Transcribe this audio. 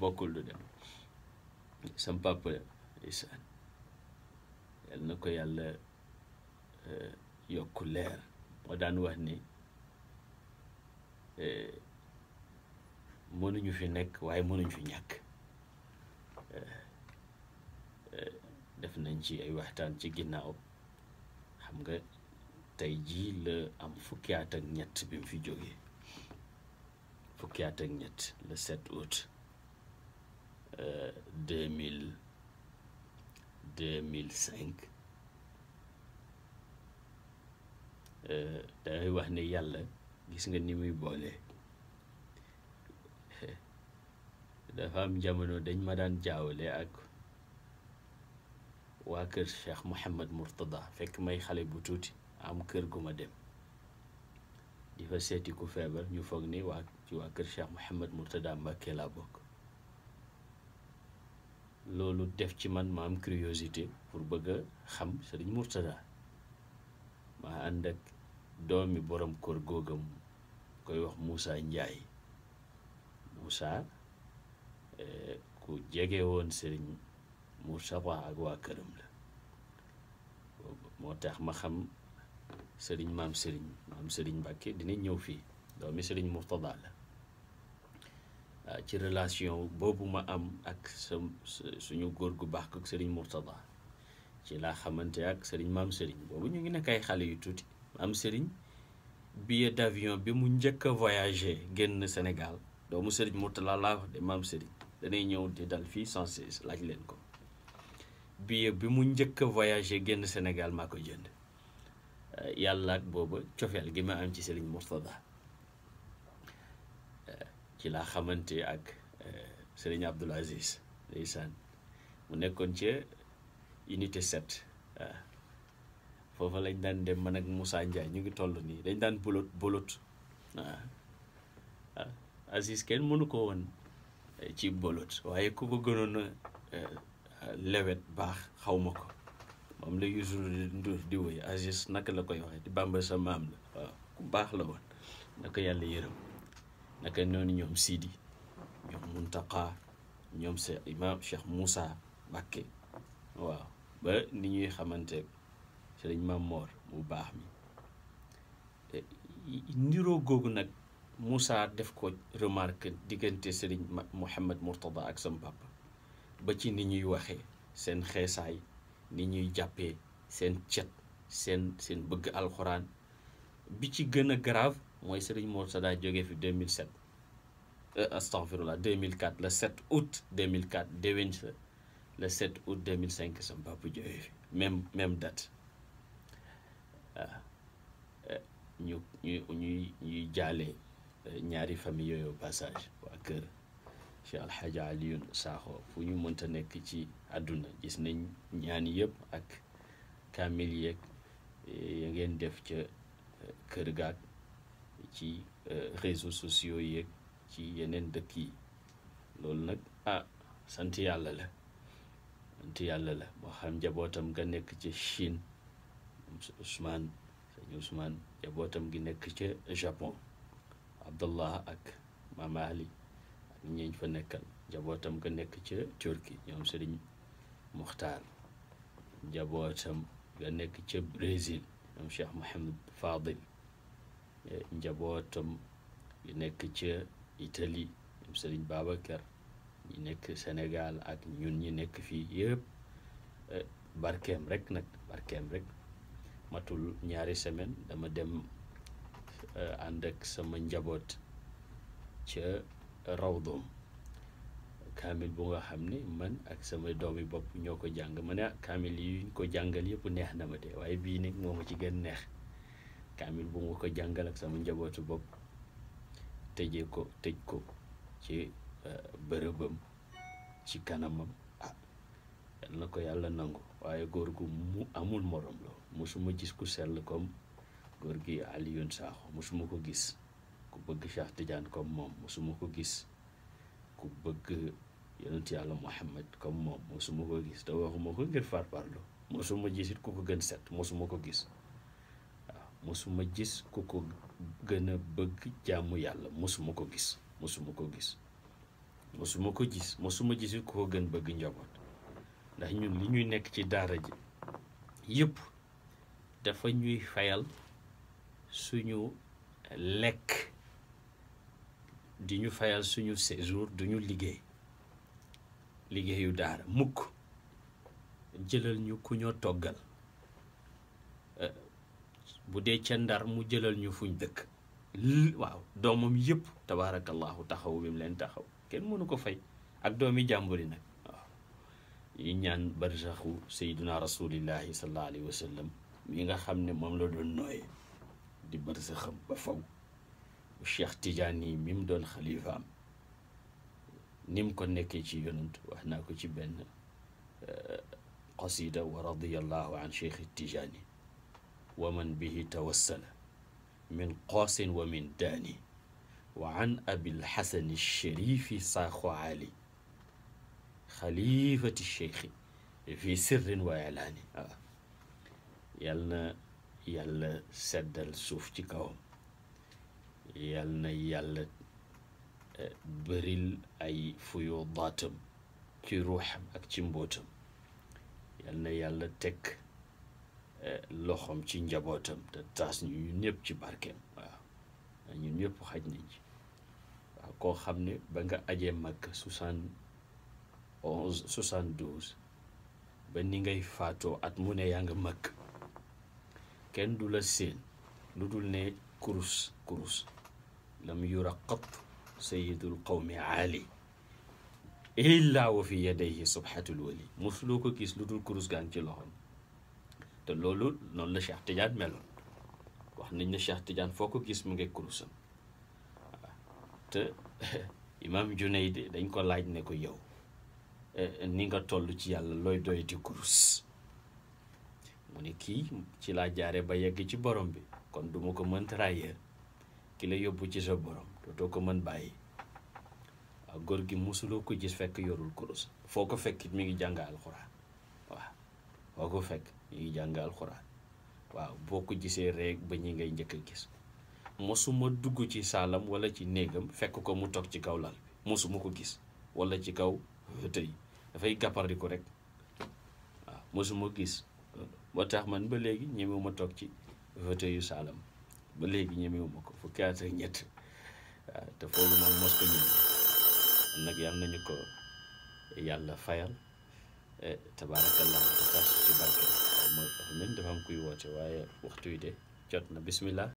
bokkul du dem sam yal na ko yàlla e, yokk leer moo daan wax ni e, mënuñu fi nekk waaye mënuñu fi ñàkk e, def nañ ci ay waxtaan ci ginnaaw xam nga tey ji la am fukki at ñett bi mu fi jógee fukki at ñett le 7 août deux mille deux cinq euh, dangay wax ne yàlla gis nga ni muy boole dafa am jamono dañ ma daan jaawale ak waa kër Cheikh Mouhamed Mourtada fekk may xale bu tuuti am kër gu ma dem di seeti ku feebar ñu foog ni waa ci waa kër Cheikh Mouhamed Mourtada Mbacké laa bokk loolu def ci man ma am curiosité pour bëgg a xam Sëriñ Murtada maa ànd ak doomi borom kër góogam koy wax Moussa Njaay Moussa eh, ku jege woon Sëriñ Murtada ak waa këram la moo tax ma xam sëriñ maam sëriñ maam sëriñ Mbàkke dina ñëw fii doomi Sëriñ Murtada la Euh, ci relation boobu ma am ak sa suñu góor gu baax ak sëriñ Mourtada ci laa xamante ak Serigne maam Serigne boobu ñu ngi nekk ay xale yu tuuti am sëriñ billet d'avion bi mu njëkk a génn Sénégal doomu sëriñ Mourtada laa wax de maam Serigne danay ñëw di dal fii sans cesse laaj leen ko billet bi mu njëkk a voyagé génn Sénégal maa ko jënd euh, yàlla ak booba cofeel gi ma am ci Serigne Mourtada ci laa xamante ak euh, Serigne Abdoul Aziz ndeysaan mu nekkoon ca unité 7 waaw foofa lañ daan dem man ak Moussa Ndiaye ñu ngi toll nii dañ daan bolot bolot waaw waaw kenn mënu ko woon euh, ci bolot waaye ku ko gënoon euh, lewet baax xaw ma ko moom la Youssou Ndour di woy Aziz naka la koy waxee di Bamba sa maam la ku baax la woon na ko yàlla yërëm naka noonu ñoom siidi ñoom Muntaqa ñoom sa imam Cheikh Moussa Bakke waaw ba ni ñuy xamante sëriñ Maam Moor mu baax mi e, niroo googu nag Moussa def ko remarque diggante sëriñ Mouhamed Mourtada ak sam papa ba ci ni ñuy waxee seen xeesaay ni ñuy jàppee seen cet seen seen bëgg alxuraan bi ci gën a grave mooy Serigne Mourtada jóge fi 2007 astaghfirullah 2004 le 7 août 2004 déwén sa le 7 août 2005 sama papa jógee fi même même date waaw ah, euh, ñu ñu ñuy ñuy jaale euh, ñaari famille yooyu passage waa kër Cheikh Al Hadj Alioune Sakho fu ñu mënta nekk ci àdduna gis nañ ñaan yëpp ak kaamil yeeg eh, ya ngeen def ca euh, kër gaag. ci euh, réseaux sociaux yeeg ci yeneen dëkk yi loolu nag ah sant yàlla la sant yàlla la moo xam njabootam nga nekk ci Chine Ousmane sëñ Ousmane njabootam gi nekk ca Japon Abdallah ak Mama Ali ak ñeeñ fa nekkal njabootam ga nekk ca Turquie ñoom sëriñ Muxtaar njabootam nga nekk ca Brésil ñoom Cheikh Mohamed Fadil njabootam yu nekk ca Italie ñoom Sëriñ Babacar ñi nekk senegaal ak ñun ñi nekk fii yépp eh, barkeem rek nag barkeem rek matul ñaari semaine dama dem eh, ànd ak sama njaboot ca raw doom kaamil bu nga xam ne man ak sama doomi bopp ñoo ko jàng ma ne ah, kaamil yu ñu ko jàngal yëpp neex na ma de waaye bii nag moo ma ci genn neex kaamil bu ma ko jàngal ak sama njabootu bopp tëjee ko tëj ko ci euh, bërëbam ci kanamam ah yal na ko yàlla nangu waaye góor gu mu amul morom la musuma gis ku sell comme góor gi Alioune Sakho musuma ko gis ku bëgg Cheikh Tidiane comme moom musuma ko gis ku bëgg yonent yàlla Muhammad comme moom musuma ko gis te waxuma ko ngir farparlu musuma gis it ku ko gën set musuma ko gis mosuma gis ku ko gën a bëgg jàmm yàlla mosuma ko gis mosuma ko gis mosuma ko gis mosuma gis ku ko gën bëgg njaboot ndax ñun li ñuy nekk ci daara ji yëpp dafa ñuy fayal suñu lekk di ñu fayal suñu séjour duñu liggéey liggéeyu daara mukk jëlal ñu ku ñoo toggal bu dee ca ndar mu jëlal ñu fuñ dëkk waaw doomam yëpp tabaarakallahu taxaw bi mu leen taxaw kenn mënu ko fay ak doomi jàmbur yi nag yi ñaan barzaxu sayyiduna rasulillahi sallallahu alayhi wa sallam mi nga xam ne moom la doon nooye di barzaxam ba faw cheikh Tidiane yi mi mu doon xalifaam ni mu ko nekkee ci yonant wax naa ko ci benn euh, qasida wa radiyallahu an cheikh yi wa man bihi tawassala min qaasin wa min daani wa an abil xasani sharifi saaxo ali xalifati cheikhi fi sirrin wa ilaani waaw yal na yàlla seddal suuf ci kawam yal na yàlla eh, bëril ay fuyoo daatam ci ruuxam ak ci mbootam yal na yàlla tekk loxoom ci njabootam te taas ñu ñun ñëpp ci barkeem waaw ñun ñëpp xaj nañ ci waaw koo xam ne ba nga ajee Makka soixante ba ni ngay faatoo at mu ne yaa nga mag kenn du la seen lu dul ne kurus kurus lam yura qat sayidul qawmi ali illa wa fi yadayhi subhatul wali mosuloo ko gis lu dul kurus gaa ngi ci loxoom te loolu noonu la Cheikh Tidiane meloon wax nañ ne Cheikh Tidiane foo ko gis mu ngi kurusam waaw te Imam Junayd dañ ko laaj ne ko yow eh, ni nga toll ci yàlla looy doy di kurus mu ne kii ci laa jaare ba yegg ci borom bi kon duma ko mën trahir ki la yóbbu ci sa borom dootoo ko mën bàyyi ak góor gi mosuloo ko gis fekk yorul kurus foo ko fekkit mu ngi jàng alxuraan foo ko fekk ñuy ngi jàng alxuraan waaw boo ko gisee rek ba ñi ngay njëkk a gis mosuma dugg ci saalam wala ci néegam fekk ko mu toog ci kaw lal mosuma ko gis wala ci kaw tëy dafay gàppardiku rek waaw mosuma gis moo tax man ba léegi ñemewuma toog ci fauteuil yu saalam ba léegi ñemewuma ko fukki at ak ñett waaw te foogu moom mos ko ñëw nag yàlla nañu ko yàlla fayal Eh, tabaarakallah te taas ñu ci barke xaw ma dafa mel ni dafa am kuy woote waaye waxtu wi de jot na bisimilah.